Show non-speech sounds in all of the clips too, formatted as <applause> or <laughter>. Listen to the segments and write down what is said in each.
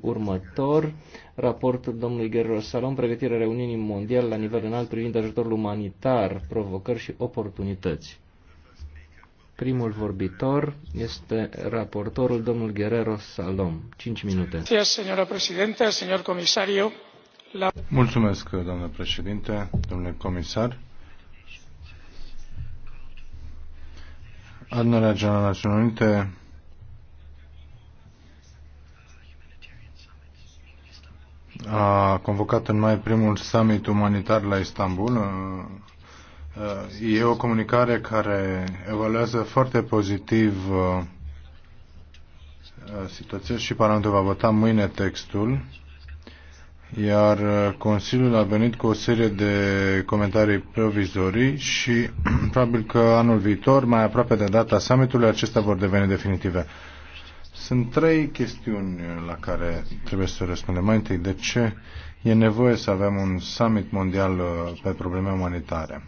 următor, raportul domnului Guerrero Salom, pregătirea reuniunii mondiale la nivel înalt privind ajutorul umanitar, provocări și oportunități. Primul vorbitor este raportorul domnul Guerrero Salom. 5 minute. Mulțumesc, domnule președinte, domnule comisar. Adunarea Generală Națională Unite a convocat în mai primul summit umanitar la Istanbul. E o comunicare care evaluează foarte pozitiv situația și Parlamentul va vota mâine textul, iar Consiliul a venit cu o serie de comentarii provizorii și <clears throat> probabil că anul viitor, mai aproape de data summitului, acestea vor deveni definitive. Sunt trei chestiuni la care trebuie să răspundem. Mai întâi, de ce e nevoie să avem un summit mondial uh, pe probleme umanitare?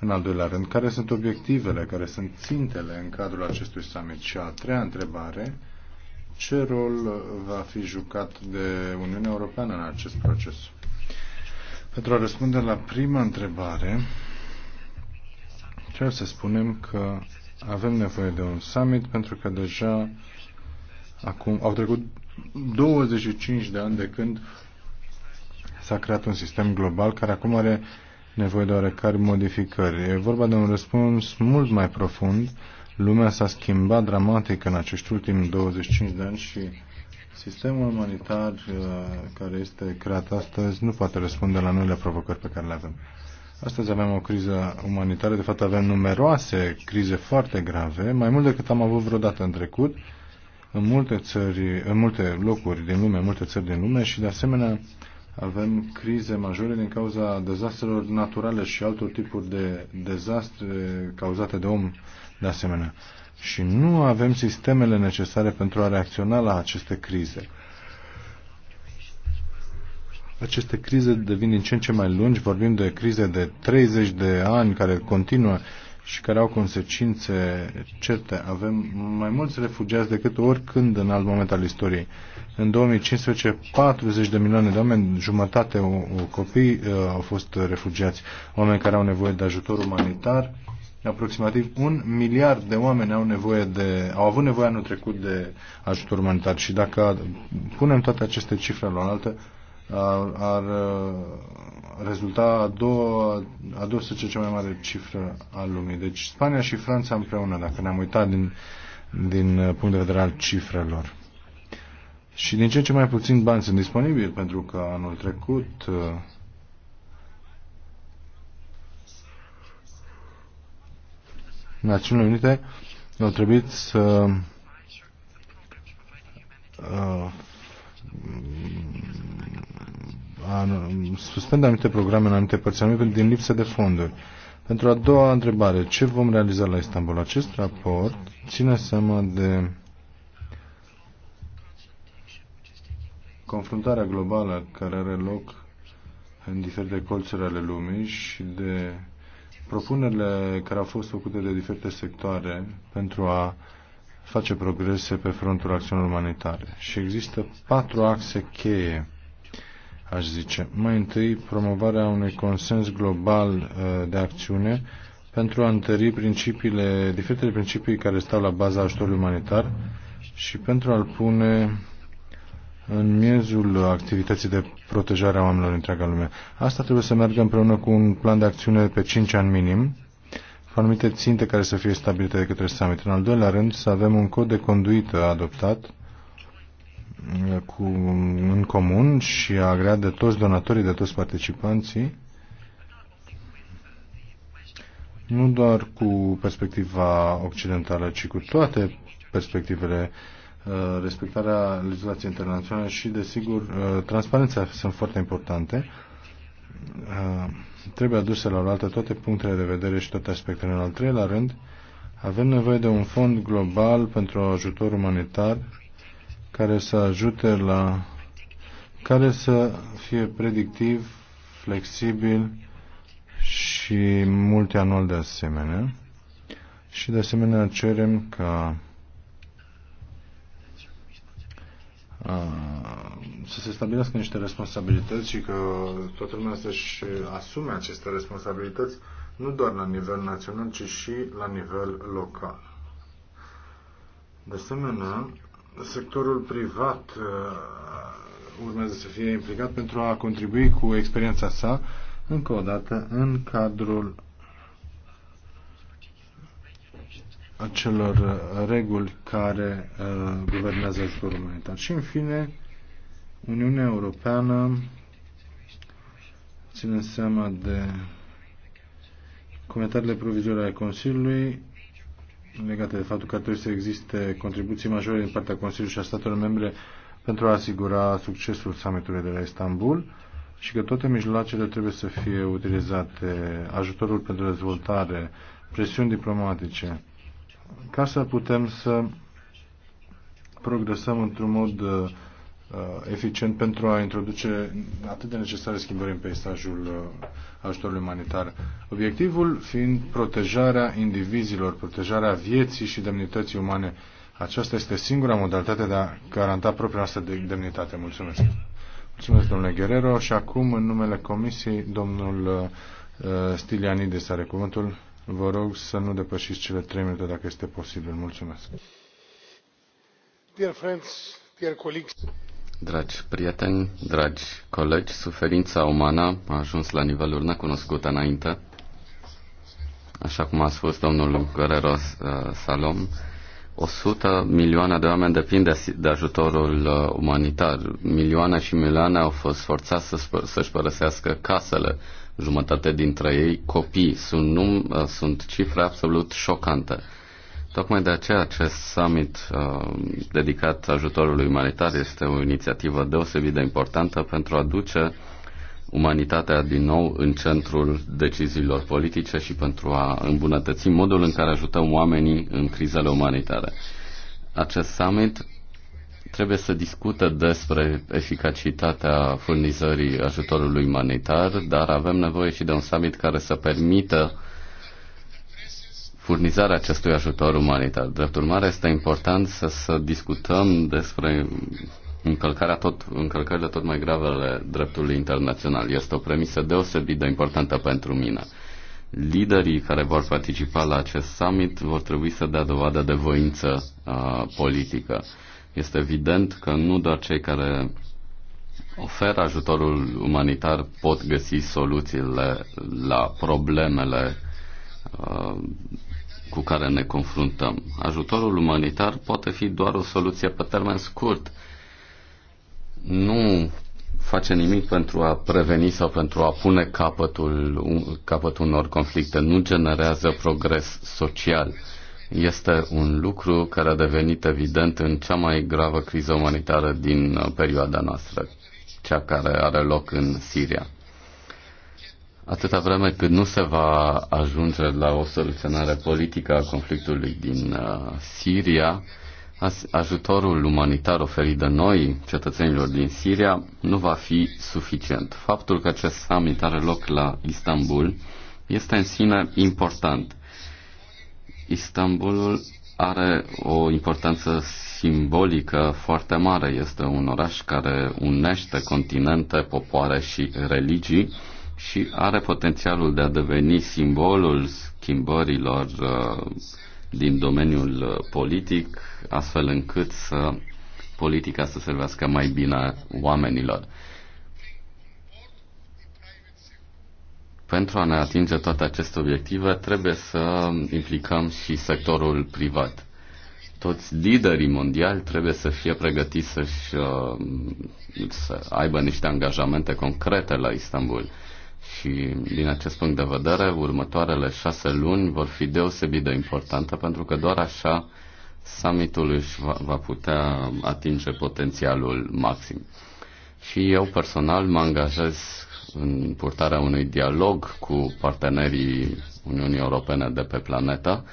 În al doilea rând, care sunt obiectivele, care sunt țintele în cadrul acestui summit? Și a treia întrebare, ce rol uh, va fi jucat de Uniunea Europeană în acest proces? Pentru a răspunde la prima întrebare, trebuie să spunem că avem nevoie de un summit pentru că deja Acum au trecut 25 de ani de când s-a creat un sistem global care acum are nevoie de oarecare modificări. E vorba de un răspuns mult mai profund. Lumea s-a schimbat dramatic în acești ultimi 25 de ani și sistemul umanitar uh, care este creat astăzi nu poate răspunde la noile provocări pe care le avem. Astăzi avem o criză umanitară, de fapt avem numeroase crize foarte grave, mai mult decât am avut vreodată în trecut în multe țări, în multe locuri din lume, în multe țări din lume și de asemenea avem crize majore din cauza dezastrelor naturale și altor tipuri de dezastre cauzate de om de asemenea. Și nu avem sistemele necesare pentru a reacționa la aceste crize. Aceste crize devin din ce în ce mai lungi, vorbim de crize de 30 de ani care continuă și care au consecințe certe. Avem mai mulți refugiați decât oricând în alt moment al istoriei. În 2015, 40 de milioane de oameni, jumătate o, o copii, uh, au fost refugiați, oameni care au nevoie de ajutor umanitar. Aproximativ un miliard de oameni au, nevoie de, au avut nevoie anul trecut de ajutor umanitar și dacă punem toate aceste cifre la altă, ar, ar uh, rezulta a doua, a să cea mai mare cifră a lumii. Deci Spania și Franța împreună, dacă ne-am uitat din, din uh, punct de vedere al cifrelor. Și din ce ce mai puțin bani sunt disponibili, pentru că anul trecut uh, Națiunile Unite au trebuit să uh, suspendă anumite programe în anumite părți anume din lipsă de fonduri. Pentru a doua întrebare, ce vom realiza la Istanbul? Acest raport ține seama de confruntarea globală care are loc în diferite colțuri ale lumii și de propunerile care au fost făcute de diferite sectoare pentru a face progrese pe frontul acțiunilor umanitare. Și există patru axe cheie aș zice. Mai întâi, promovarea unui consens global uh, de acțiune pentru a întări principiile, diferitele principii care stau la baza ajutorului umanitar și pentru a-l pune în miezul activității de protejare a oamenilor întreaga lume. Asta trebuie să meargă împreună cu un plan de acțiune pe 5 ani minim, cu anumite ținte care să fie stabilite de către summit. În al doilea rând, să avem un cod de conduită adoptat cu, în comun și agreat de toți donatorii, de toți participanții, nu doar cu perspectiva occidentală, ci cu toate perspectivele, respectarea legislației internaționale și, desigur, transparența sunt foarte importante. Trebuie aduse la oaltă toate punctele de vedere și toate aspectele. În al treilea rând, avem nevoie de un fond global pentru ajutor umanitar care să ajute la care să fie predictiv, flexibil și multianual de asemenea. Și de asemenea cerem ca a, să se stabilească niște responsabilități și că toată lumea să-și asume aceste responsabilități nu doar la nivel național, ci și la nivel local. De asemenea, sectorul privat uh, urmează să fie implicat pentru a contribui cu experiența sa încă o dată în cadrul acelor reguli care uh, guvernează ajutorul umanitar. Și în fine, Uniunea Europeană ține seama de comentariile provizorii ale Consiliului legate de faptul că trebuie să existe contribuții majore din partea Consiliului și a statelor membre pentru a asigura succesul summitului de la Istanbul și că toate mijloacele trebuie să fie utilizate, ajutorul pentru dezvoltare, presiuni diplomatice, ca să putem să progresăm într-un mod Uh, eficient pentru a introduce atât de necesare schimbări în peisajul uh, ajutorului umanitar. Obiectivul fiind protejarea indivizilor, protejarea vieții și demnității umane. Aceasta este singura modalitate de a garanta propria noastră de demnitate. Mulțumesc! Mulțumesc, domnule Guerrero. Și acum, în numele Comisiei, domnul uh, Stilianides are cuvântul. Vă rog să nu depășiți cele trei minute, dacă este posibil. Mulțumesc! Dear friends, dear colleagues, Dragi prieteni, dragi colegi, suferința umană a ajuns la niveluri necunoscute înainte. Așa cum a spus domnul Guerrero uh, Salom, 100 milioane de oameni depind de, ajutorul uh, umanitar. Milioane și milioane au fost forțați să, și părăsească casele. Jumătate dintre ei copii. Sunt, num, uh, sunt cifre absolut șocante. Tocmai de aceea acest summit uh, dedicat ajutorului umanitar este o inițiativă deosebit de importantă pentru a duce umanitatea din nou în centrul deciziilor politice și pentru a îmbunătăți modul în care ajutăm oamenii în crizele umanitare. Acest summit trebuie să discute despre eficacitatea furnizării ajutorului umanitar, dar avem nevoie și de un summit care să permită furnizarea acestui ajutor umanitar. Drept urmare, este important să, să discutăm despre încălcarea tot, încălcările tot mai grave ale dreptului internațional. Este o premisă deosebit de importantă pentru mine. Liderii care vor participa la acest summit vor trebui să dea dovadă de voință uh, politică. Este evident că nu doar cei care oferă ajutorul umanitar pot găsi soluțiile la problemele cu care ne confruntăm. Ajutorul umanitar poate fi doar o soluție pe termen scurt. Nu face nimic pentru a preveni sau pentru a pune capătul, capătul unor conflicte. Nu generează progres social. Este un lucru care a devenit evident în cea mai gravă criză umanitară din uh, perioada noastră, cea care are loc în Siria. Atâta vreme cât nu se va ajunge la o soluționare politică a conflictului din uh, Siria, ajutorul umanitar oferit de noi, cetățenilor din Siria, nu va fi suficient. Faptul că acest summit are loc la Istanbul este în sine important. Istanbulul are o importanță simbolică foarte mare. Este un oraș care unește continente, popoare și religii și are potențialul de a deveni simbolul schimbărilor uh, din domeniul uh, politic, astfel încât să politica să servească mai bine oamenilor. Pentru a ne atinge toate aceste obiective, trebuie să implicăm și sectorul privat. Toți liderii mondiali trebuie să fie pregătiți să-și, uh, să aibă niște angajamente concrete la Istanbul și din acest punct de vedere, următoarele șase luni vor fi deosebit de importante pentru că doar așa summitul își va, va putea atinge potențialul maxim. Și eu personal mă angajez în purtarea unui dialog cu partenerii Uniunii Europene de pe planetă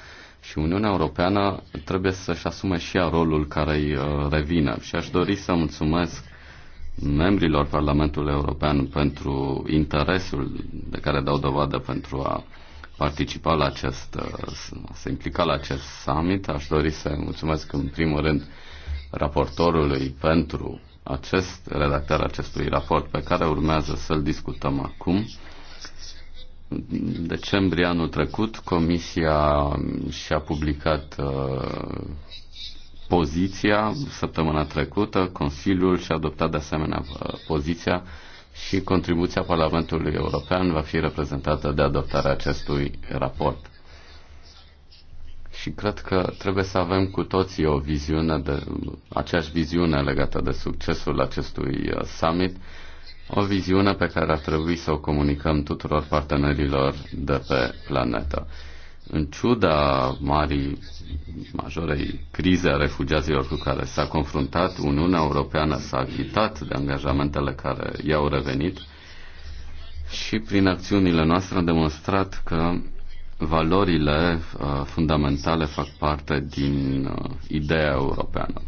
și Uniunea Europeană trebuie să-și asume și ea rolul care îi uh, revine. Și aș dori să mulțumesc membrilor Parlamentului European pentru interesul de care dau dovadă pentru a participa la acest, a se implica la acest summit. Aș dori să mulțumesc în primul rând raportorului pentru acest, redactarea acestui raport pe care urmează să-l discutăm acum. În decembrie anul trecut, Comisia și-a publicat uh, poziția săptămâna trecută, Consiliul și-a adoptat de asemenea uh, poziția și contribuția Parlamentului European va fi reprezentată de adoptarea acestui raport. Și cred că trebuie să avem cu toții o viziune de, aceeași viziune legată de succesul acestui uh, summit, o viziune pe care ar trebui să o comunicăm tuturor partenerilor de pe planetă în ciuda marii majorei crize a refugiaților cu care s-a confruntat, Uniunea Europeană s-a achitat de angajamentele care i-au revenit și prin acțiunile noastre am demonstrat că valorile uh, fundamentale fac parte din uh, ideea europeană.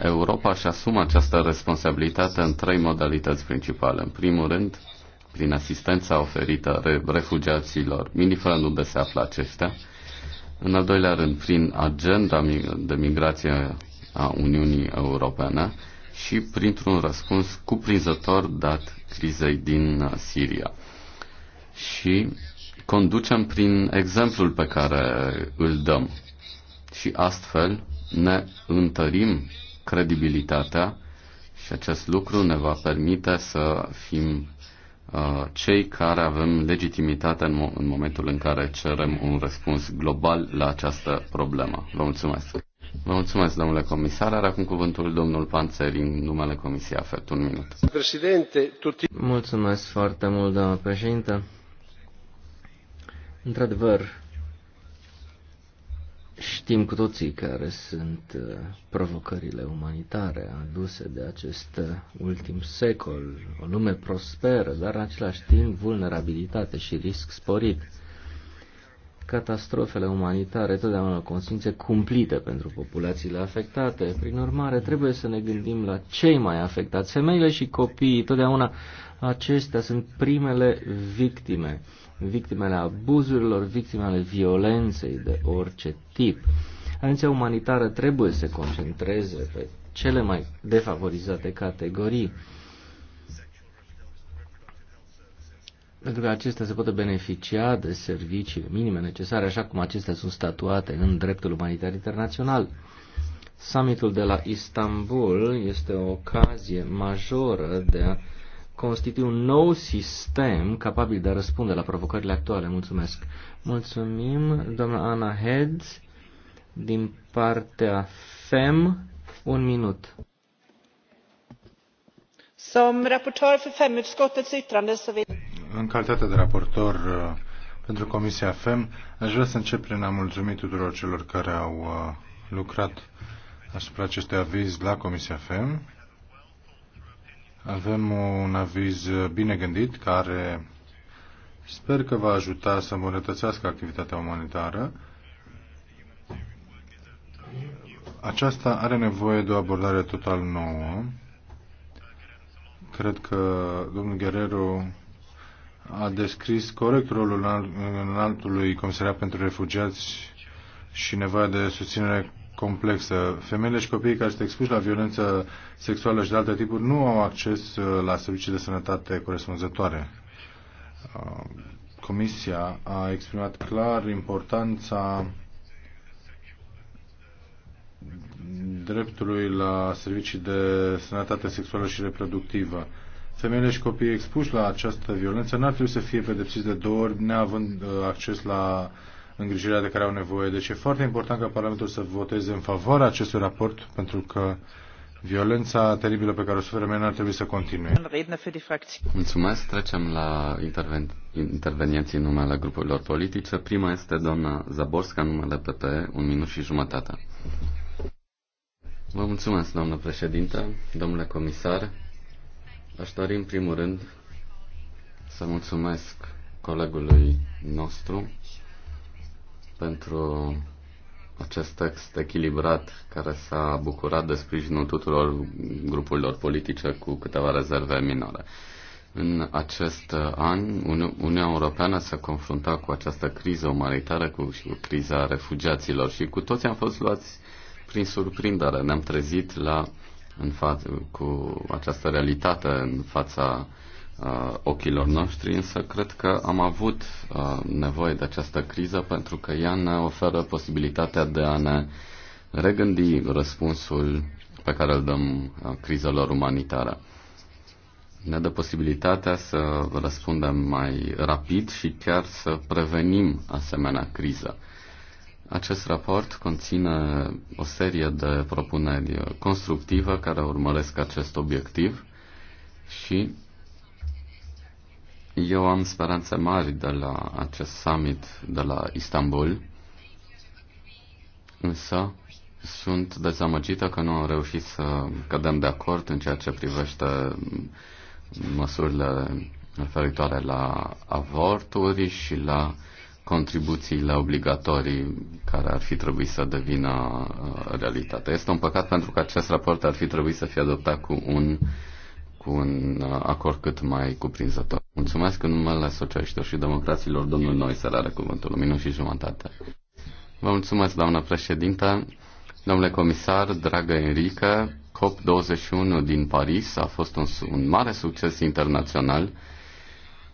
Europa își asumă această responsabilitate în trei modalități principale. În primul rând, prin asistența oferită refugiaților, indiferent unde se află aceștia. În al doilea rând, prin agenda de migrație a Uniunii Europene și printr-un răspuns cuprinzător dat crizei din Siria. Și conducem prin exemplul pe care îl dăm și astfel ne întărim credibilitatea și acest lucru ne va permite să fim Uh, cei care avem legitimitate în, mo- în momentul în care cerem un răspuns global la această problemă. Vă mulțumesc. Vă mulțumesc, domnule comisar. Are acum cuvântul domnul Panțeri în numele Comisiei AFET. Un minut. Președinte, tuti... Mulțumesc foarte mult, doamnă președinte. Într-adevăr, Știm cu toții care sunt uh, provocările umanitare aduse de acest uh, ultim secol, o lume prosperă, dar în același timp vulnerabilitate și risc sporit. Catastrofele umanitare totdeauna o consecințe cumplite pentru populațiile afectate. Prin urmare, trebuie să ne gândim la cei mai afectați, femeile și copiii. Totdeauna acestea sunt primele victime victimele abuzurilor, victimele violenței de orice tip. Agenția umanitară trebuie să se concentreze pe cele mai defavorizate categorii, pentru că acestea se pot beneficia de serviciile minime necesare, așa cum acestea sunt statuate în dreptul umanitar internațional. Summitul de la Istanbul este o ocazie majoră de a constitui un nou sistem capabil de a răspunde la provocările actuale. Mulțumesc. Mulțumim, doamna Ana Heads, din partea FEM, un minut. Som raportor pentru FEM-utskottets yttrande să vill... În calitate de raportor uh, pentru Comisia FEM, aș vrea să încep prin a mulțumi tuturor celor care au uh, lucrat asupra acestui aviz la Comisia FEM avem un aviz bine gândit care sper că va ajuta să îmbunătățească activitatea umanitară. Aceasta are nevoie de o abordare total nouă. Cred că domnul Guerrero a descris corect rolul înaltului comisariat pentru refugiați și nevoia de susținere complexă. Femeile și copiii care sunt expuși la violență sexuală și de alte tipuri nu au acces uh, la servicii de sănătate corespunzătoare. Uh, Comisia a exprimat clar importanța dreptului la servicii de sănătate sexuală și reproductivă. Femeile și copiii expuși la această violență n-ar trebui să fie pedepsiți de două ori neavând uh, acces la uh, îngrijirea de care au nevoie. Deci e foarte important ca Parlamentul să voteze în favoarea acestui raport, pentru că violența teribilă pe care o suferă mea ar trebui să continue. Mulțumesc. Trecem la interven- intervenienții în numele grupurilor politice. Prima este doamna Zaborska, numele PP, un minut și jumătate. Vă mulțumesc, doamnă președintă, domnule comisar. Aș dori, în primul rând, să mulțumesc colegului nostru, pentru acest text echilibrat care s-a bucurat de sprijinul tuturor grupurilor politice cu câteva rezerve minore. În acest an, Uniunea Europeană s-a confruntat cu această criză umanitară cu, și cu criza refugiaților și cu toți am fost luați prin surprindere. Ne-am trezit la, în fa- cu această realitate în fața uh, ochilor noștri, însă cred că am avut uh, nevoie de această criză pentru că ea ne oferă posibilitatea de a ne regândi răspunsul pe care îl dăm uh, crizelor umanitare. Ne dă posibilitatea să răspundem mai rapid și chiar să prevenim asemenea criză. Acest raport conține o serie de propuneri constructive care urmăresc acest obiectiv și eu am speranțe mari de la acest summit de la Istanbul, însă sunt dezamăgită că nu am reușit să cădem de acord în ceea ce privește măsurile referitoare la avorturi și la contribuțiile obligatorii care ar fi trebuit să devină uh, realitate. Este un păcat pentru că acest raport ar fi trebuit să fie adoptat cu un uh, cu un uh, acord cât mai cuprinzător. Mulțumesc în numele Socialiștilor și Democraților, domnul să are cuvântul, un minut și jumătate. Vă mulțumesc, doamnă președintă, domnule comisar, dragă Enrica, COP21 din Paris a fost un, un mare succes internațional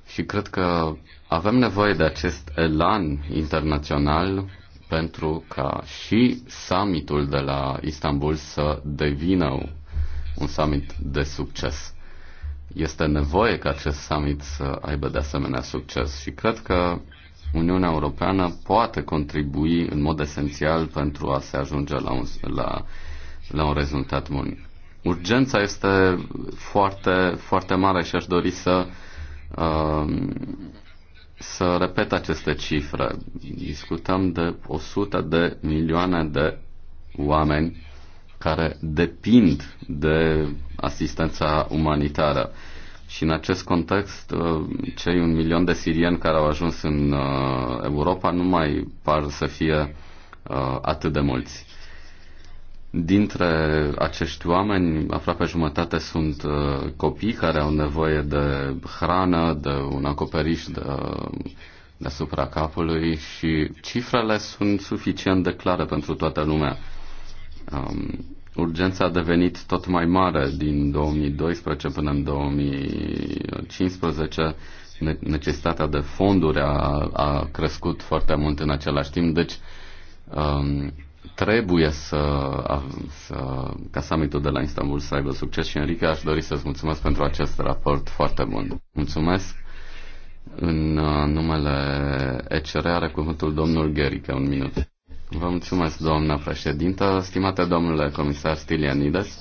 și cred că avem nevoie de acest elan internațional pentru ca și summitul de la Istanbul să devină un summit de succes. Este nevoie ca acest summit să aibă de asemenea succes și cred că Uniunea Europeană poate contribui în mod esențial pentru a se ajunge la un, la, la un rezultat bun. Urgența este foarte, foarte mare și aș dori să, um, să repet aceste cifre. Discutăm de 100 de milioane de oameni care depind de asistența umanitară. Și în acest context, uh, cei un milion de sirieni care au ajuns în uh, Europa nu mai par să fie uh, atât de mulți. Dintre acești oameni, aproape jumătate sunt copii care au nevoie de hrană, de un acoperiș de, deasupra capului și cifrele sunt suficient de clare pentru toată lumea. Um, urgența a devenit tot mai mare din 2012 până în 2015. Necesitatea de fonduri a, a crescut foarte mult în același timp, deci um, trebuie să, să, ca summitul de la Istanbul să aibă succes și Enrique aș dori să-ți mulțumesc pentru acest raport foarte bun. Mulțumesc! În uh, numele ECR are cuvântul domnul Gherica, un minut. Vă mulțumesc, doamna președintă. Stimate domnule comisar Stilianides,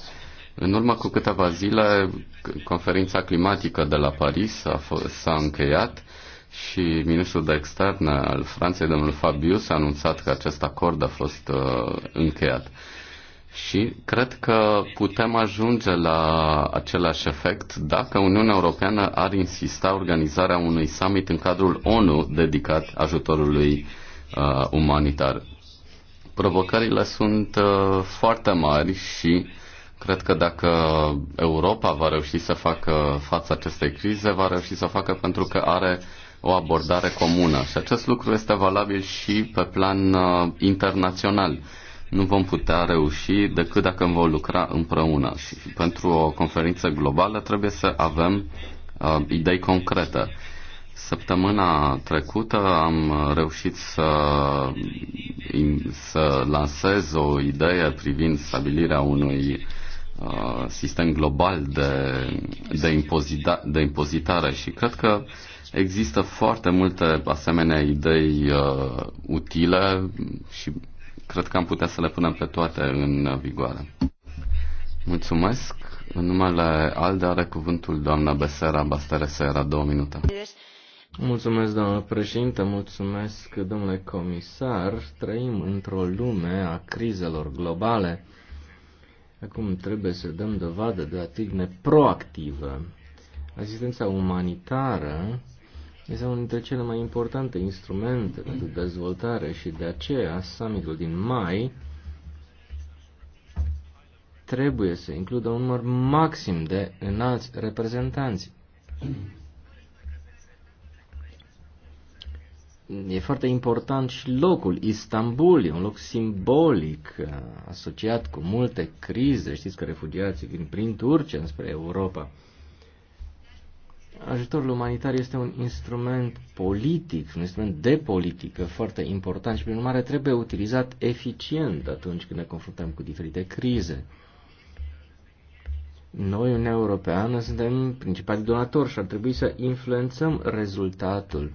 în urmă cu câteva zile, conferința climatică de la Paris a s-a încheiat și ministrul de externe al Franței, domnul Fabius, a anunțat că acest acord a fost uh, încheiat. Și cred că putem ajunge la același efect dacă Uniunea Europeană ar insista organizarea unui summit în cadrul ONU dedicat ajutorului uh, umanitar. Provocările sunt uh, foarte mari și cred că dacă Europa va reuși să facă față acestei crize, va reuși să facă pentru că are o abordare comună. Și acest lucru este valabil și pe plan uh, internațional nu vom putea reuși decât dacă vom lucra împreună. Și pentru o conferință globală trebuie să avem uh, idei concrete. Săptămâna trecută am reușit să, să lansez o idee privind stabilirea unui uh, sistem global de, de, impozita, de impozitare și cred că există foarte multe asemenea idei uh, utile și cred că am putea să le punem pe toate în vigoare. Mulțumesc. În numele ALDE are cuvântul doamna Besera Basteresera, două minute. Mulțumesc, domnule președinte, mulțumesc, domnule comisar. Trăim într-o lume a crizelor globale. Acum trebuie să dăm dovadă de atitudine proactivă. Asistența umanitară este unul dintre cele mai importante instrumente pentru de dezvoltare și de aceea summitul din mai trebuie să includă un număr maxim de înalți reprezentanți. e foarte important și locul. Istanbul e un loc simbolic, uh, asociat cu multe crize. Știți că refugiații vin prin Turcia spre Europa. Ajutorul umanitar este un instrument politic, un instrument de politică foarte important și, prin urmare, trebuie utilizat eficient atunci când ne confruntăm cu diferite crize. Noi, Uniunea Europeană, suntem principali donatori și ar trebui să influențăm rezultatul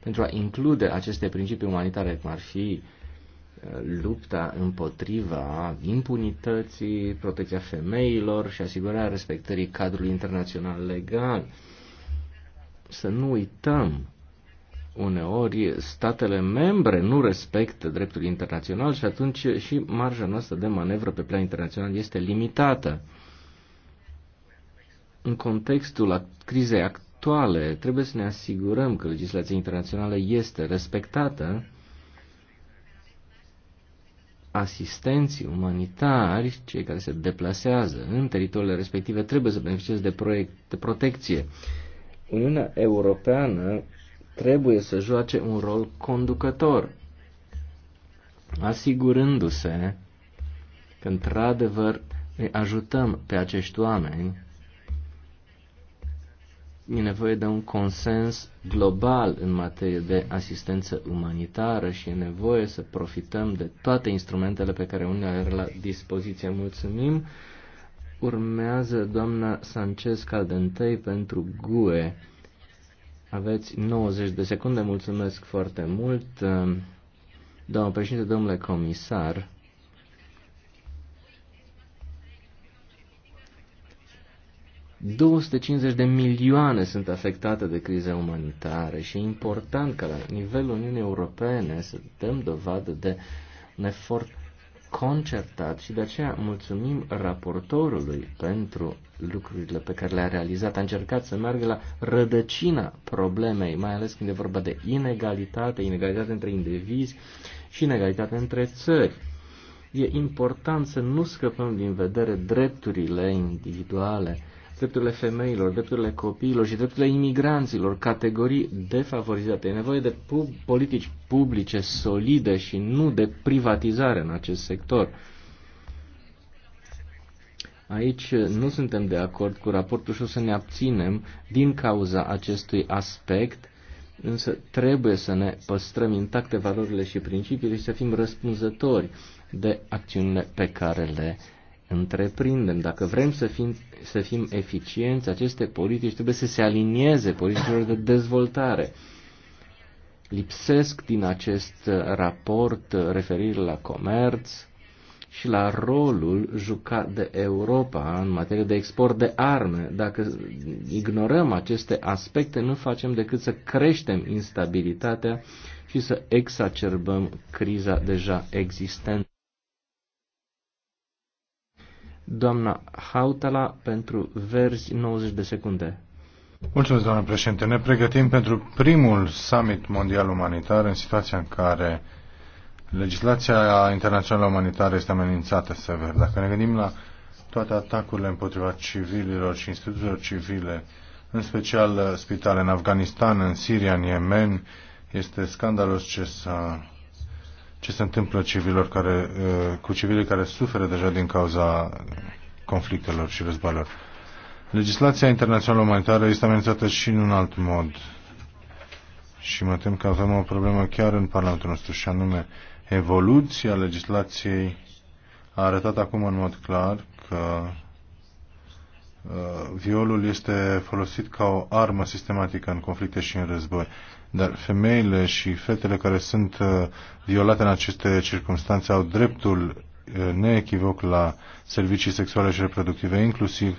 pentru a include aceste principii umanitare, cum ar fi uh, lupta împotriva impunității, protecția femeilor și asigurarea respectării cadrului internațional legal. Să nu uităm, uneori statele membre nu respectă dreptul internațional și atunci și marja noastră de manevră pe plan internațional este limitată. În contextul crizei actuale, actuale. Trebuie să ne asigurăm că legislația internațională este respectată. Asistenții umanitari, cei care se deplasează în teritoriile respective, trebuie să beneficieze de, proiect, de protecție. Uniunea Europeană trebuie să joace un rol conducător, asigurându-se că într-adevăr îi ajutăm pe acești oameni E nevoie de un consens global în materie de asistență umanitară și e nevoie să profităm de toate instrumentele pe care unii are la dispoziție. Mulțumim! Urmează doamna Sanchez Caldentei pentru GUE. Aveți 90 de secunde, mulțumesc foarte mult. Doamna președinte, domnule comisar, 250 de milioane sunt afectate de criza umanitară și e important ca la nivelul Uniunii Europene să dăm dovadă de un efort concertat și de aceea mulțumim raportorului pentru lucrurile pe care le-a realizat. A încercat să meargă la rădăcina problemei, mai ales când e vorba de inegalitate, inegalitate între indivizi și inegalitate între țări. E important să nu scăpăm din vedere drepturile individuale drepturile femeilor, drepturile copiilor și drepturile imigranților, categorii defavorizate. E nevoie de pu- politici publice solide și nu de privatizare în acest sector. Aici nu suntem de acord cu raportul și o să ne abținem din cauza acestui aspect, însă trebuie să ne păstrăm intacte valorile și principiile și să fim răspunzători de acțiunile pe care le întreprindem. Dacă vrem să fim, să fim eficienți, aceste politici trebuie să se alinieze politicilor de dezvoltare. Lipsesc din acest raport referire la comerț și la rolul jucat de Europa în materie de export de arme. Dacă ignorăm aceste aspecte, nu facem decât să creștem instabilitatea și să exacerbăm criza deja existentă. Doamna Hautala, pentru verzi 90 de secunde. Mulțumesc, doamnă președinte. Ne pregătim pentru primul summit mondial umanitar în situația în care legislația internațională umanitară este amenințată sever. Dacă ne gândim la toate atacurile împotriva civililor și instituțiilor civile, în special spitale în Afganistan, în Siria, în Yemen, este scandalos ce s-a ce se întâmplă civilor care, uh, cu civilii care suferă deja din cauza conflictelor și războaielor. Legislația internațională umanitară este amenințată și în un alt mod. Și mă tem că avem o problemă chiar în Parlamentul nostru, și anume evoluția legislației a arătat acum în mod clar că uh, violul este folosit ca o armă sistematică în conflicte și în război dar femeile și fetele care sunt uh, violate în aceste circunstanțe au dreptul uh, neechivoc la servicii sexuale și reproductive, inclusiv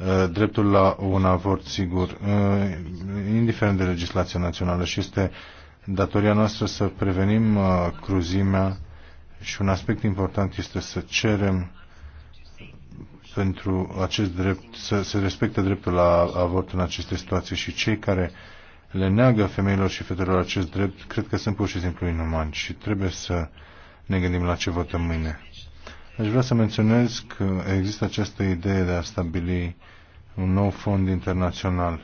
uh, dreptul la un avort sigur, indiferent de legislația națională și este datoria noastră să prevenim cruzimea și un aspect important este să cerem pentru acest drept, să se respecte dreptul la avort în aceste situații și cei care uh, le neagă femeilor și fetelor acest drept, cred că sunt pur și simplu inumani și trebuie să ne gândim la ce votăm mâine. Aș vrea să menționez că există această idee de a stabili un nou fond internațional.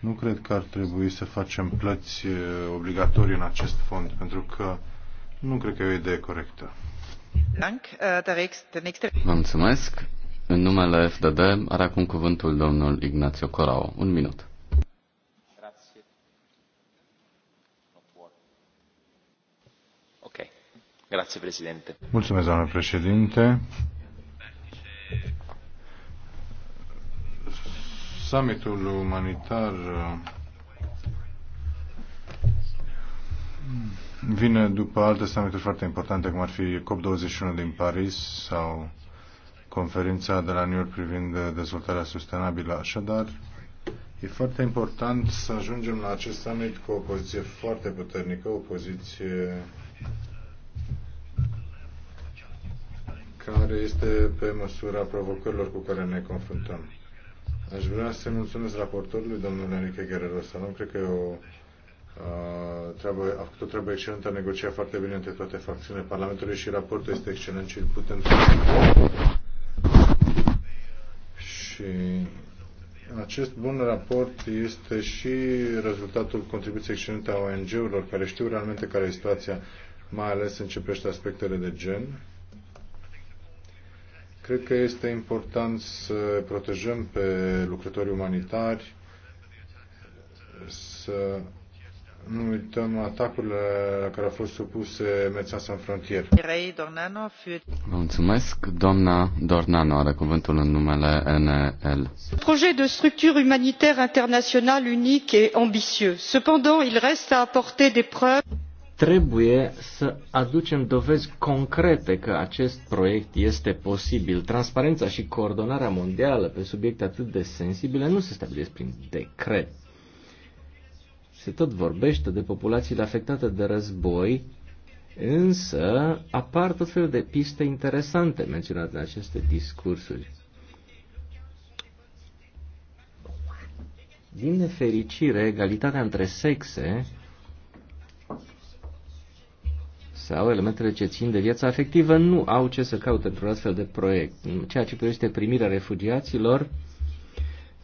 Nu cred că ar trebui să facem plăți eh, obligatorii în acest fond, pentru că nu cred că e o idee corectă. Eh, Vă mulțumesc. În numele FDD are acum cuvântul domnul Ignațiu Corao. Un minut. Grazie, Presidente. Mulțumesc, doamnă președinte. Summitul umanitar hmm, vine după alte summituri foarte importante, cum ar fi COP21 din Paris sau conferința de la New York privind dezvoltarea sustenabilă. Așadar, e foarte important să ajungem la acest summit cu o poziție foarte puternică, o poziție care este pe măsura provocărilor cu care ne confruntăm. Aș vrea să mulțumesc raportorului, domnul Enrique Guerrero Salom. Cred că e o treabă, a făcut o treabă excelentă, a negociat foarte bine între toate facțiunile Parlamentului și raportul este excelent și îl putem Și acest bun raport este și rezultatul contribuției excelente a ONG-urilor care știu realmente care e situația, mai ales în ce privește aspectele de gen Cred că este important să protejăm pe lucrătorii umanitari, să nu uităm atacurile la care au fost supuse Médecins Sans Frontières. Vă mulțumesc. Doamna Dornano are cuvântul în numele NL. Proiect de structură umanitară internațională unic și ambitieux. Cependant, il reste à apporter des preuves Trebuie să aducem dovezi concrete că acest proiect este posibil. Transparența și coordonarea mondială pe subiecte atât de sensibile nu se stabilesc prin decret. Se tot vorbește de populațiile afectate de război, însă apar tot felul de piste interesante menționate în aceste discursuri. Din nefericire, egalitatea între sexe sau elementele ce țin de viața afectivă nu au ce să caute într-un astfel de proiect. ceea ce privește primirea refugiaților,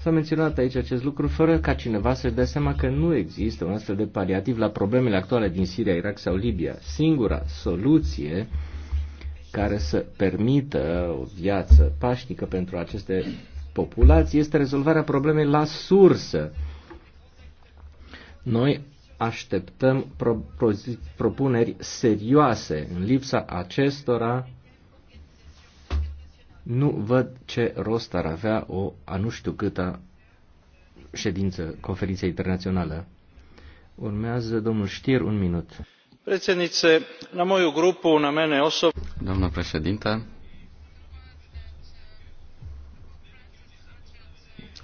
S-a menționat aici acest lucru fără ca cineva să-și dea seama că nu există un astfel de paliativ la problemele actuale din Siria, Irak sau Libia. Singura soluție care să permită o viață pașnică pentru aceste populații este rezolvarea problemei la sursă. Noi așteptăm pro, pro, propuneri serioase. În lipsa acestora nu văd ce rost ar avea o a nu știu câta ședință, conferință internațională. Urmează domnul Știr, un minut. Prețenițe, na moju grupu, na mene oso. Doamna președinte,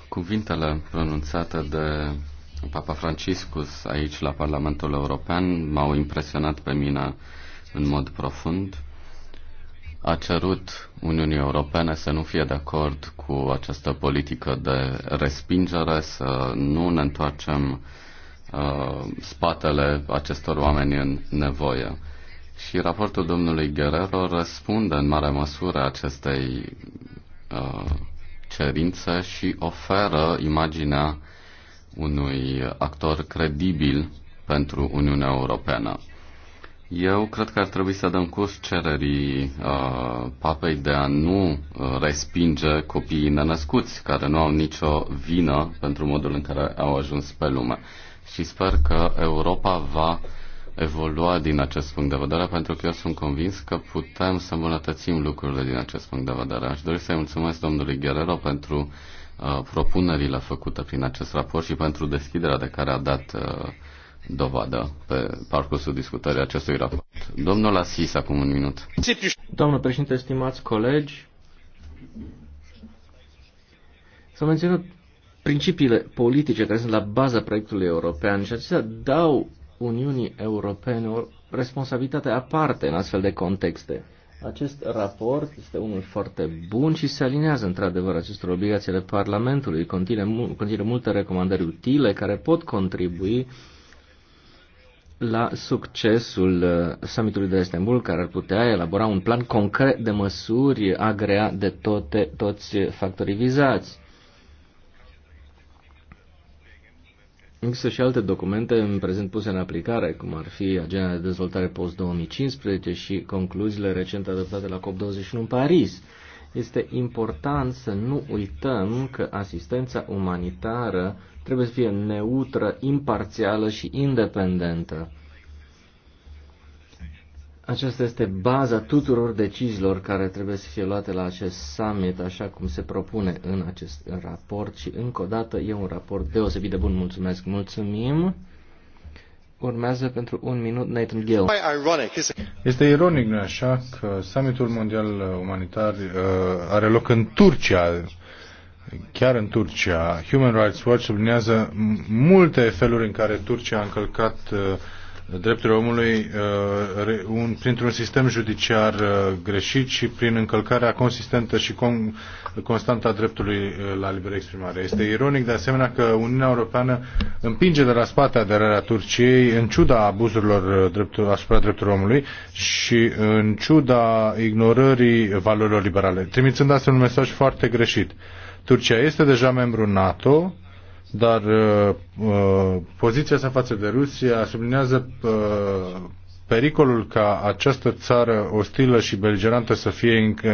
cuvintele pronunțate de Papa Franciscus aici la Parlamentul European m-au impresionat pe mine în mod profund. A cerut Uniunii Europene să nu fie de acord cu această politică de respingere, să nu ne întoarcem uh, spatele acestor oameni în nevoie. Și raportul domnului Guerrero răspunde în mare măsură acestei uh, cerințe și oferă imaginea unui actor credibil pentru Uniunea Europeană. Eu cred că ar trebui să dăm curs cererii uh, papei de a nu uh, respinge copiii nenăscuți care nu au nicio vină pentru modul în care au ajuns pe lume. Și sper că Europa va evolua din acest punct de vedere, pentru că eu sunt convins că putem să îmbunătățim lucrurile din acest punct de vedere. Aș dori să-i mulțumesc domnului Guerrero pentru Uh, propunerile făcute prin acest raport și pentru deschiderea de care a dat uh, dovadă pe parcursul discutării acestui raport. Domnul Asis, acum un minut. Domnul președinte, stimați colegi, s-au menționat principiile politice care sunt la baza proiectului european și acestea dau Uniunii Europene o responsabilitate aparte în astfel de contexte. Acest raport este unul foarte bun și se alinează într-adevăr acestor obligații ale Parlamentului. Conține, conține multe recomandări utile care pot contribui la succesul uh, summitului de Istanbul, care ar putea elabora un plan concret de măsuri agrea de toate, toți factorii vizați. Există și alte documente în prezent puse în aplicare, cum ar fi agenda de dezvoltare post-2015 și concluziile recent adoptate la COP21 în Paris. Este important să nu uităm că asistența umanitară trebuie să fie neutră, imparțială și independentă. Aceasta este baza tuturor deciziilor care trebuie să fie luate la acest summit, așa cum se propune în acest raport și încă o dată e un raport deosebit de bun. Mulțumesc! Mulțumim! Urmează pentru un minut Nathan Gill. Este ironic, nu așa, că summitul mondial umanitar uh, are loc în Turcia, chiar în Turcia. Human Rights Watch sublinează multe feluri în care Turcia a încălcat uh, drepturile omului uh, un, printr-un sistem judiciar uh, greșit și prin încălcarea consistentă și con, constantă a dreptului uh, la liberă exprimare. Este ironic de asemenea că Uniunea Europeană împinge de la spate aderarea Turciei în ciuda abuzurilor dreptul, asupra drepturilor omului și în ciuda ignorării valorilor liberale, trimițând astfel un mesaj foarte greșit. Turcia este deja membru NATO, dar uh, uh, poziția sa față de Rusia sublinează uh, pericolul ca această țară ostilă și beligerantă să fie uh,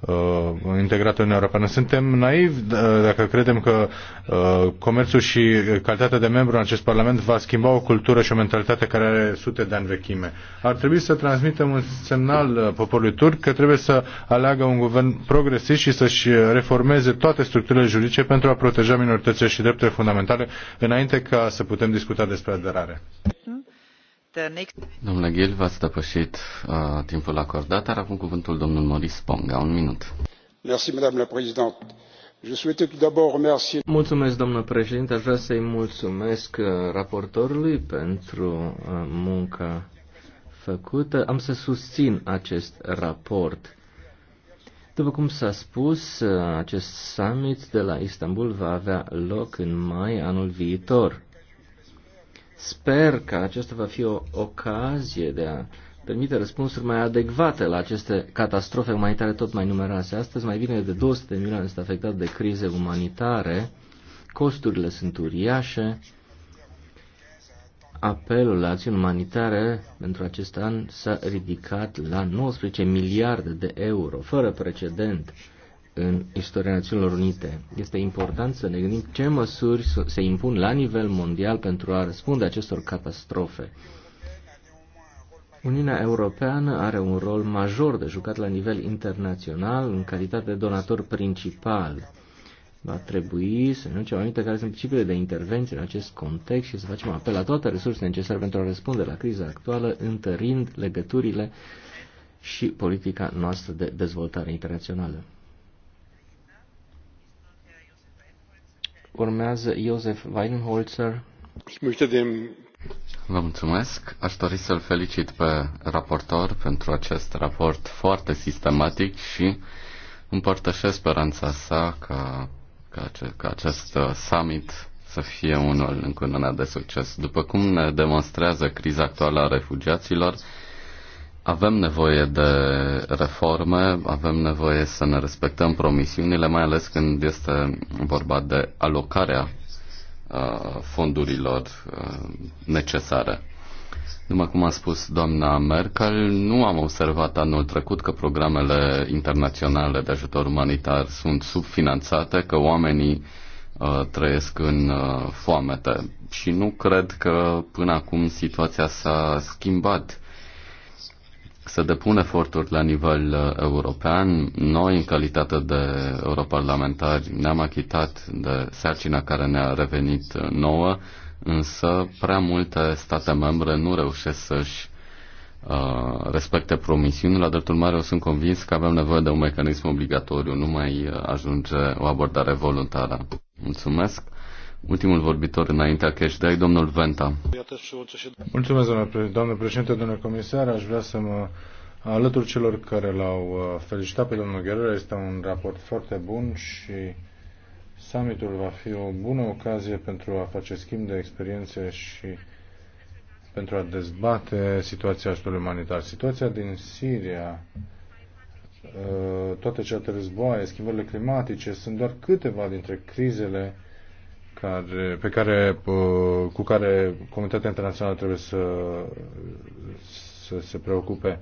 uh, integrată în Europeană. Suntem naivi uh, dacă credem că uh, comerțul și calitatea de membru în acest Parlament va schimba o cultură și o mentalitate care are sute de ani vechime. Ar trebui să transmitem un semnal uh, poporului turc că trebuie să aleagă un guvern progresist și să-și reformeze toate structurile juridice pentru a proteja minoritățile și drepturile fundamentale înainte ca să putem discuta despre aderare. Domnule Ghil, v-ați depășit uh, timpul acordat, are acum cuvântul domnul Maurice Ponga. Un minut. Merci, madame la présidente. Mulțumesc, domnul președinte. Aș vrea să-i mulțumesc uh, raportorului pentru uh, munca făcută. Am să susțin acest raport. După cum s-a spus, uh, acest summit de la Istanbul va avea loc în mai anul viitor. Sper că aceasta va fi o ocazie de a permite răspunsuri mai adecvate la aceste catastrofe umanitare tot mai numeroase. Astăzi mai bine de 200 de milioane sunt afectate de crize umanitare, costurile sunt uriașe, apelul la acțiuni umanitare pentru acest an s-a ridicat la 19 miliarde de euro, fără precedent în istoria Națiunilor Unite. Este important să ne gândim ce măsuri se impun la nivel mondial pentru a răspunde acestor catastrofe. Uniunea Europeană are un rol major de jucat la nivel internațional în calitate de donator principal. Va trebui să ne ducem aminte care sunt principiile de intervenție în acest context și să facem apel la toate resursele necesare pentru a răspunde la criza actuală, întărind legăturile și politica noastră de dezvoltare internațională. Urmează Iosef Weidenholzer. Vă mulțumesc. Aș dori să-l felicit pe raportor pentru acest raport foarte sistematic și împărtășesc speranța sa ca, ca, ca acest summit să fie unul încununat de succes. După cum ne demonstrează criza actuală a refugiaților, avem nevoie de reforme, avem nevoie să ne respectăm promisiunile, mai ales când este vorba de alocarea uh, fondurilor uh, necesare. Numai cum a spus doamna Merkel, nu am observat anul trecut că programele internaționale de ajutor umanitar sunt subfinanțate, că oamenii uh, trăiesc în uh, foamete. Și nu cred că până acum situația s-a schimbat se depun eforturi la nivel uh, european. Noi, în calitate de europarlamentari, ne-am achitat de sarcina care ne-a revenit uh, nouă, însă prea multe state membre nu reușesc să-și uh, respecte promisiunile. La dreptul mare, eu sunt convins că avem nevoie de un mecanism obligatoriu, nu mai uh, ajunge o abordare voluntară. Mulțumesc! Ultimul vorbitor înaintea Cashday, domnul Venta. Mulțumesc, domnule președinte, domnule comisar. Aș vrea să mă alătur celor care l-au uh, felicitat pe domnul Guerrero. Este un raport foarte bun și summitul va fi o bună ocazie pentru a face schimb de experiențe și pentru a dezbate situația ajutorului umanitar. Situația din Siria, uh, toate celelalte războaie, schimbările climatice sunt doar câteva dintre crizele care, pe care, cu care comunitatea internațională trebuie să, să se preocupe.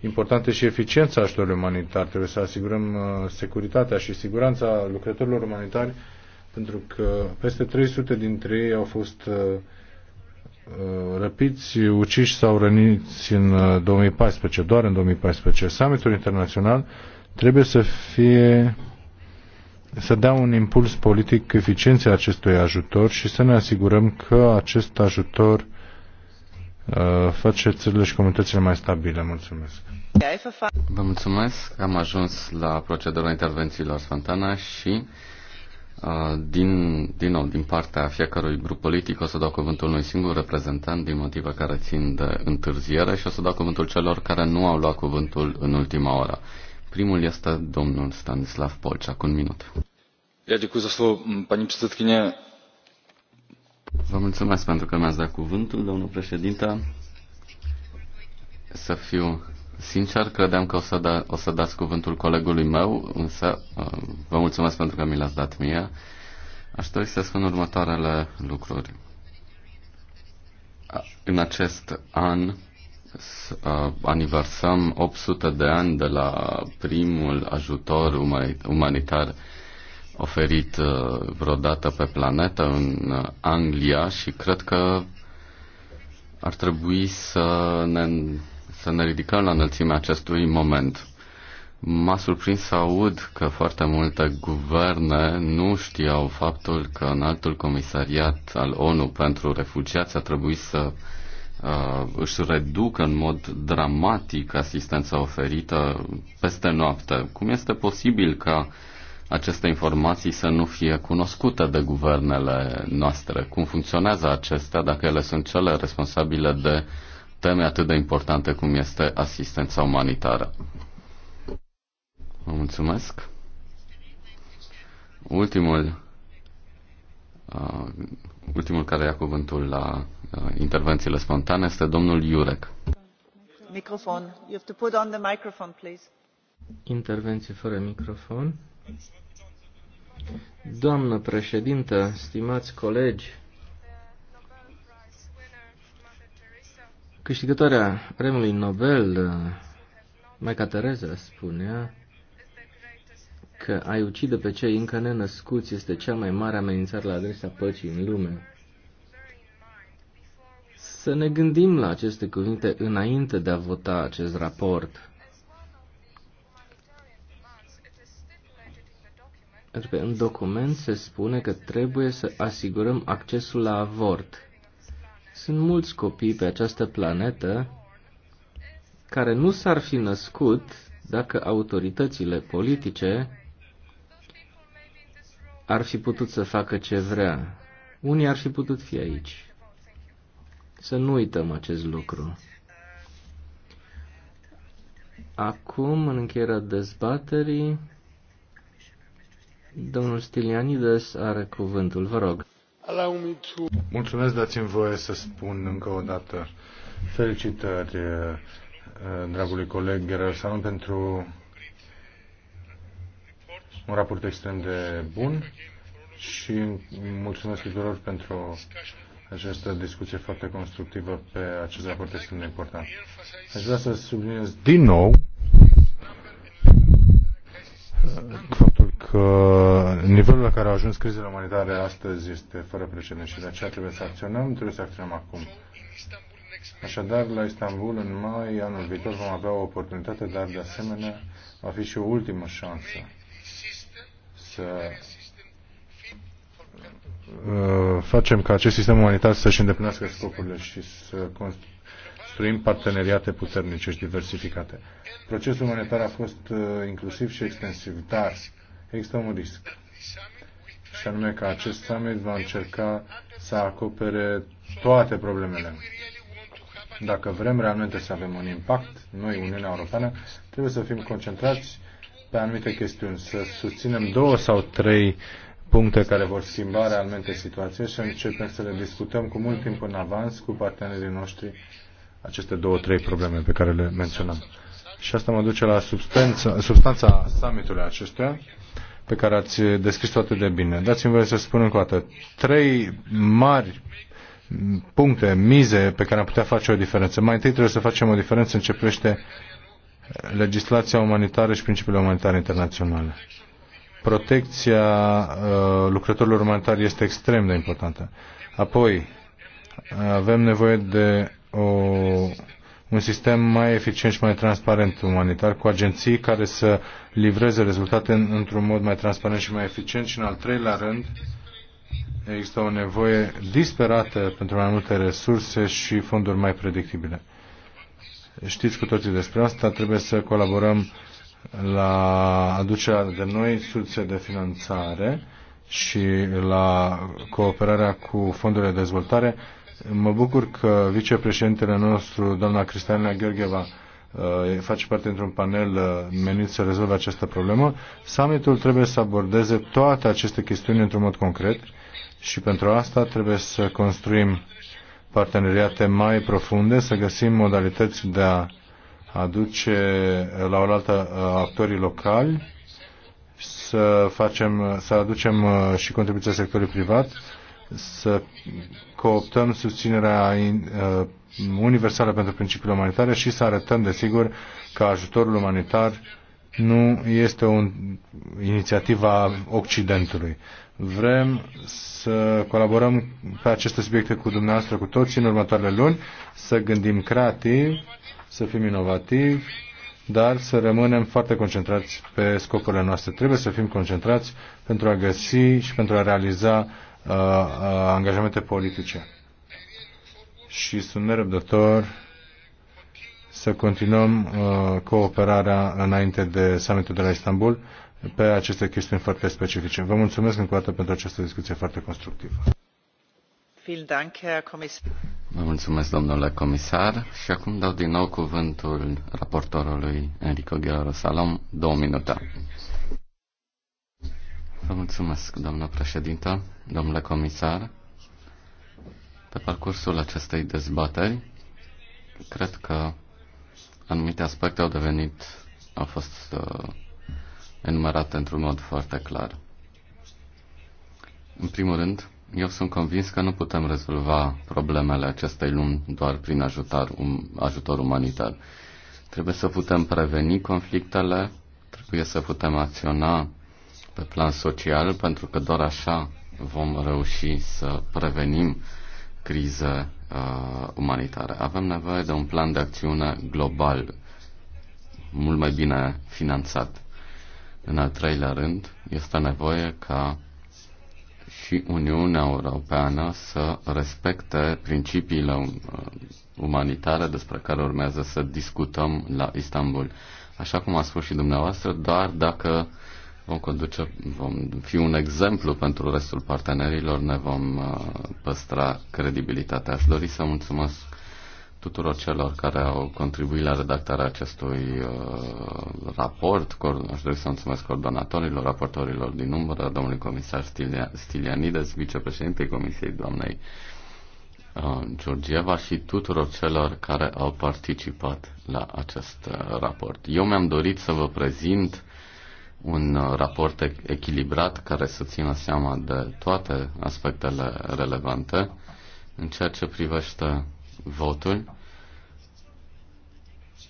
Importantă și eficiența ajutorului umanitar. Trebuie să asigurăm uh, securitatea și siguranța lucrătorilor umanitari, pentru că peste 300 dintre ei au fost uh, uh, răpiți, uciși sau răniți în 2014, doar în 2014. Summitul internațional trebuie să fie să dea un impuls politic eficienței acestui ajutor și să ne asigurăm că acest ajutor uh, face țările și comunitățile mai stabile. Mulțumesc. Vă mulțumesc. Am ajuns la procedura intervențiilor spontane și uh, din, din nou, din partea fiecărui grup politic, o să dau cuvântul unui singur reprezentant din motive care țin de întârziere și o să dau cuvântul celor care nu au luat cuvântul în ultima oră. Primul este domnul Stanislav Polciac. Un minut. slovo, Vă mulțumesc pentru că mi-ați dat cuvântul, domnul președinte. Să fiu sincer, credeam că o să, da, o să dați cuvântul colegului meu, însă uh, vă mulțumesc pentru că mi l-ați dat mie. Aș dori să spun următoarele lucruri. În acest an aniversăm 800 de ani de la primul ajutor umanitar oferit vreodată pe planetă în Anglia și cred că ar trebui să ne, să ne ridicăm la înălțimea acestui moment. M-a surprins să aud că foarte multe guverne nu știau faptul că în altul comisariat al ONU pentru refugiați a trebuit să uh, își reducă în mod dramatic asistența oferită peste noapte. Cum este posibil ca aceste informații să nu fie cunoscute de guvernele noastre? Cum funcționează acestea dacă ele sunt cele responsabile de teme atât de importante cum este asistența umanitară? Vă mulțumesc. Ultimul uh, Ultimul care ia cuvântul la uh, intervențiile spontane este domnul Iurec. Microfon. You have to put on the microphone, please. Intervenție fără microfon. Doamnă președintă, stimați colegi, câștigătoarea premiului Nobel, uh, Maica Tereza, spunea că ai ucide pe cei încă nenăscuți este cea mai mare amenințare la adresa păcii în lume. Să ne gândim la aceste cuvinte înainte de a vota acest raport. Pentru că în document se spune că trebuie să asigurăm accesul la avort. Sunt mulți copii pe această planetă care nu s-ar fi născut dacă autoritățile politice ar fi putut să facă ce vrea. Unii ar fi putut fi aici. Să nu uităm acest lucru. Acum, în încheierea dezbaterii, domnul Stilianides are cuvântul. Vă rog. Mulțumesc, dați-mi voie să spun încă o dată felicitări eh, dragului coleg Gerard Salon pentru un raport extrem de bun și mulțumesc tuturor pentru această discuție foarte constructivă pe acest raport extrem de important. Aș vrea să subliniez din nou faptul că nivelul la care a ajuns crizele umanitare astăzi este fără precedent și de aceea trebuie să acționăm, trebuie să acționăm acum. Așadar, la Istanbul, în mai, anul viitor, vom avea o oportunitate, dar de asemenea va fi și o ultimă șansă să uh, facem ca acest sistem umanitar să-și îndeplinească scopurile și să construim parteneriate puternice și diversificate. Procesul umanitar a fost uh, inclusiv și extensiv, dar există un risc. Și anume că acest summit va încerca să acopere toate problemele. Dacă vrem realmente să avem un impact, noi, Uniunea Europeană, trebuie să fim concentrați pe anumite chestiuni, să susținem două sau trei puncte care vor schimba realmente situația și începem să le discutăm cu mult timp în avans cu partenerii noștri aceste două, trei probleme pe care le menționăm. Și asta mă duce la substanța, substanța summitului acestuia pe care ați descris atât de bine. Dați-mi voie să spun încă o dată. Trei mari puncte, mize pe care am putea face o diferență. Mai întâi trebuie să facem o diferență în ce privește legislația umanitară și principiile umanitare internaționale. Protecția uh, lucrătorilor umanitari este extrem de importantă. Apoi, avem nevoie de o, un sistem mai eficient și mai transparent umanitar, cu agenții care să livreze rezultate în, într-un mod mai transparent și mai eficient și, în al treilea rând, există o nevoie disperată pentru mai multe resurse și fonduri mai predictibile. Știți cu toții despre asta, trebuie să colaborăm la aducerea de noi surse de finanțare și la cooperarea cu fondurile de dezvoltare. Mă bucur că vicepreședintele nostru, doamna Cristalina Gheorgheva, uh, face parte dintr-un panel uh, menit să rezolve această problemă. Summitul trebuie să abordeze toate aceste chestiuni într-un mod concret și pentru asta trebuie să construim parteneriate mai profunde, să găsim modalități de a aduce la oaltă uh, actorii locali, să, facem, să aducem uh, și contribuția sectorului privat, să cooptăm susținerea uh, universală pentru principiile umanitare și să arătăm, desigur, că ajutorul umanitar nu este o inițiativă a Occidentului. Vrem să colaborăm pe aceste subiecte cu dumneavoastră, cu toții, în următoarele luni, să gândim creativ, să fim inovativi, dar să rămânem foarte concentrați pe scopurile noastre. Trebuie să fim concentrați pentru a găsi și pentru a realiza uh, uh, angajamente politice. Și sunt nerăbdător să continuăm uh, cooperarea înainte de summitul de la Istanbul pe aceste chestiuni foarte specifice. Vă mulțumesc încă o dată pentru această discuție foarte constructivă. Vă mulțumesc, domnule comisar. Și acum dau din nou cuvântul raportorului Enrico Gheorghe Salom, două minute. Vă mulțumesc, doamnă președintă, domnule comisar. Pe parcursul acestei dezbateri, cred că anumite aspecte au devenit, au fost uh, enumerate într-un mod foarte clar. În primul rând, eu sunt convins că nu putem rezolva problemele acestei lumi doar prin ajutor, um, ajutor umanitar. Trebuie să putem preveni conflictele, trebuie să putem acționa pe plan social, pentru că doar așa vom reuși să prevenim crize uh, umanitare. Avem nevoie de un plan de acțiune global, mult mai bine finanțat. În al treilea rând, este nevoie ca și Uniunea Europeană să respecte principiile uh, umanitare despre care urmează să discutăm la Istanbul. Așa cum a spus și dumneavoastră, doar dacă vom conduce, vom fi un exemplu pentru restul partenerilor, ne vom uh, păstra credibilitatea. Aș dori să mulțumesc tuturor celor care au contribuit la redactarea acestui uh, raport. Aș dori să mulțumesc coordonatorilor, raportorilor din umbră, domnului comisar Stilia, Stilianides, vicepreședintei Comisiei doamnei uh, Georgieva și tuturor celor care au participat la acest uh, raport. Eu mi-am dorit să vă prezint un uh, raport echilibrat care să țină seama de toate aspectele relevante în ceea ce privește votul.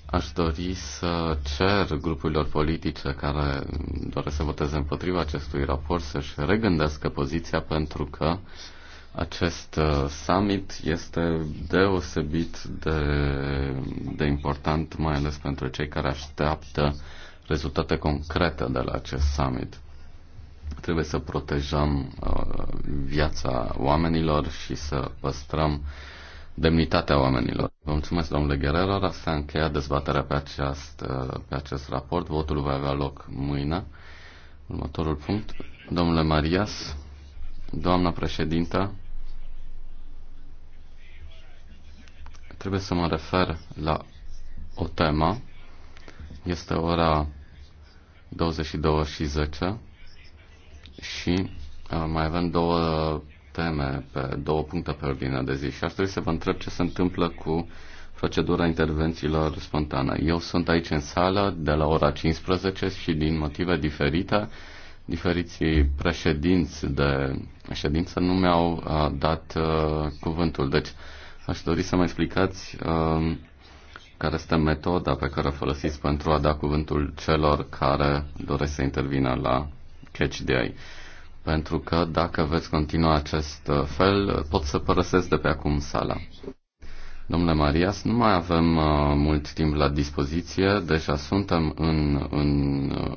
Aș dori să cer grupurilor politice care doresc să voteze împotriva acestui raport să-și regândească poziția pentru că acest uh, summit este deosebit de, de important, mai ales pentru cei care așteaptă rezultate concrete de la acest summit. Trebuie să protejăm uh, viața oamenilor și să păstrăm uh, demnitatea oamenilor. Vă mulțumesc, domnule Guerrero. S-a încheiat dezbaterea pe acest, pe acest raport. Votul va avea loc mâine. Următorul punct. Domnule Marias, doamna președintă, trebuie să mă refer la o temă. Este ora 22 și 10 și uh, mai avem două teme, pe două puncte pe ordinea de zi și aș trebui să vă întreb ce se întâmplă cu procedura intervențiilor spontane. Eu sunt aici în sală de la ora 15 și din motive diferite, diferiții președinți de ședință nu mi-au uh, dat uh, cuvântul. Deci aș dori să mă explicați uh, care este metoda pe care o folosiți pentru a da cuvântul celor care doresc să intervină la catch de aici pentru că dacă veți continua acest uh, fel, pot să părăsesc de pe acum sala. Domnule Marias, nu mai avem uh, mult timp la dispoziție, deja suntem în, în,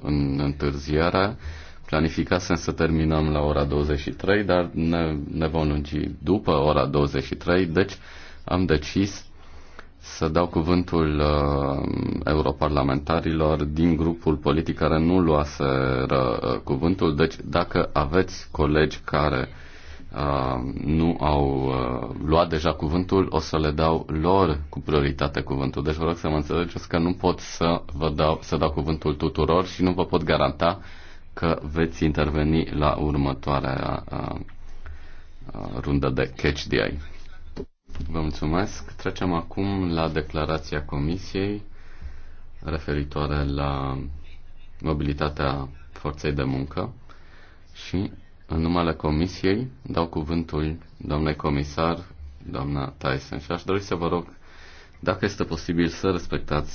în întârziere. Planificasem să terminăm la ora 23, dar ne, ne vom lungi după ora 23, deci am decis să dau cuvântul uh, europarlamentarilor din grupul politic care nu luase uh, cuvântul. Deci dacă aveți colegi care uh, nu au uh, luat deja cuvântul, o să le dau lor cu prioritate cuvântul. Deci vă rog să mă înțelegeți că nu pot să vă dau, să dau cuvântul tuturor și nu vă pot garanta că veți interveni la următoarea uh, uh rundă de catch the eye. Vă mulțumesc. Trecem acum la declarația Comisiei referitoare la mobilitatea forței de muncă și în numele Comisiei dau cuvântul doamnei comisar, doamna Tyson și aș dori să vă rog dacă este posibil să respectați